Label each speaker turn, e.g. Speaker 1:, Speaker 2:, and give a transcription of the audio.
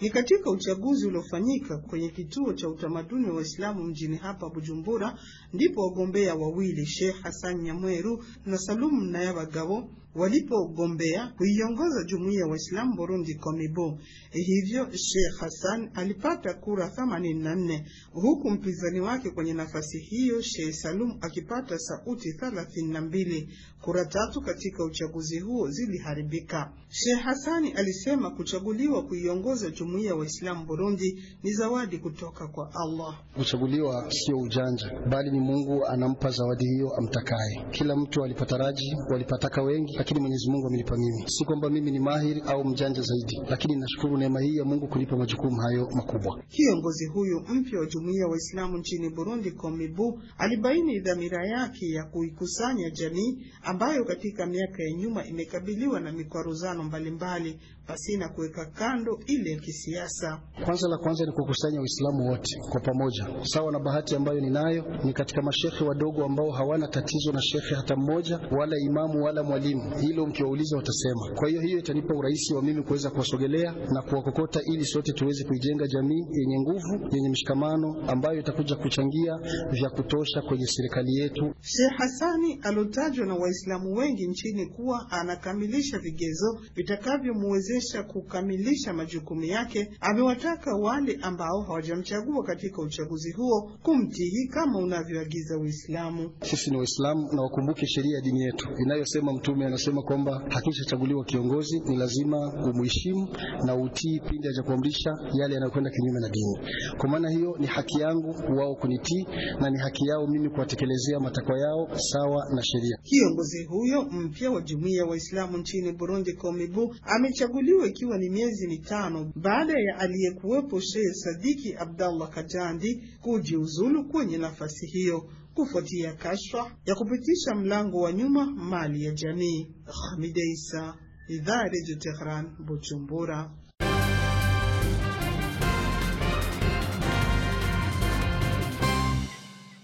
Speaker 1: Ni katika uchaguzi uliofanyika kwenye kituo cha utamaduni wa Waislamu mjini hapa Bujumbura ndipo wagombea wawili Sheikh Hassan Nyamweru na Salum Nayabagabo walipogombea kuiongoza jumuiya ya Waislamu Burundi Komibo. Eh, hivyo Sheikh Hassan alipata kura 84 huku mpinzani wake kwenye nafasi hiyo Sheikh Salum akipata sauti 32. Kura tatu katika uchaguzi huo ziliharibika. Sheikh Hassan alisema kuchaguliwa kuiongoza jumuiya ya Waislamu Burundi ni zawadi kutoka kwa Allah.
Speaker 2: Kuchaguliwa sio ujanja, bali ni Mungu anampa zawadi hiyo amtakaye. Kila mtu alipataraji, walipataka wengi lakini Mwenyezi Mungu amenipa mimi. Si kwamba mimi ni mahiri au mjanja zaidi, lakini nashukuru neema hii ya Mungu kunipa majukumu hayo makubwa.
Speaker 1: Kiongozi huyu mpya wa Jumuiya wa Waislamu nchini Burundi, Komibu, alibaini dhamira yake ya kuikusanya jamii ambayo katika miaka ya nyuma imekabiliwa na mikwaruzano mbalimbali pasina kuweka kando ile ya kisiasa.
Speaker 2: Kwanza la kwanza ni kukusanya Waislamu wote kwa pamoja, sawa na bahati ambayo ninayo ni katika mashekhe wadogo ambao hawana tatizo na shekhe hata mmoja wala imamu wala mwalimu hilo mkiwauliza watasema. Kwa hiyo hiyo itanipa urahisi wa mimi kuweza kuwasogelea na kuwakokota, ili sote tuweze kuijenga jamii yenye nguvu, yenye mshikamano, ambayo itakuja kuchangia vya kutosha kwenye serikali yetu.
Speaker 1: Sheikh Hasani alotajwa na Waislamu wengi nchini kuwa anakamilisha vigezo vitakavyomwezesha kukamilisha majukumu yake, amewataka wale ambao hawajamchagua katika uchaguzi huo kumtii kama unavyoagiza Uislamu.
Speaker 2: Sisi ni Waislamu na wakumbuke sheria ya dini yetu inayosema mtume nasema kwamba hakishachaguliwa kiongozi, ni lazima umuheshimu na utii pindi ajakuamrisha yale yanayokwenda kinyume na dini. Kwa maana hiyo, ni haki yangu wao kunitii na ni haki yao mimi kuwatekelezea matakwa yao sawa na sheria.
Speaker 1: Kiongozi huyo mpya wa jumuiya ya Waislamu nchini Burundi, Komibu, amechaguliwa ikiwa ni miezi mitano baada ya aliyekuwepo Sheikh Sadiki Abdallah Kajandi kujiuzulu kwenye nafasi hiyo kufuatia kashwa ya kupitisha mlango wa nyuma mali ya jamii. Hamida Isa, idhaa ya redio Tehran, Bujumbura.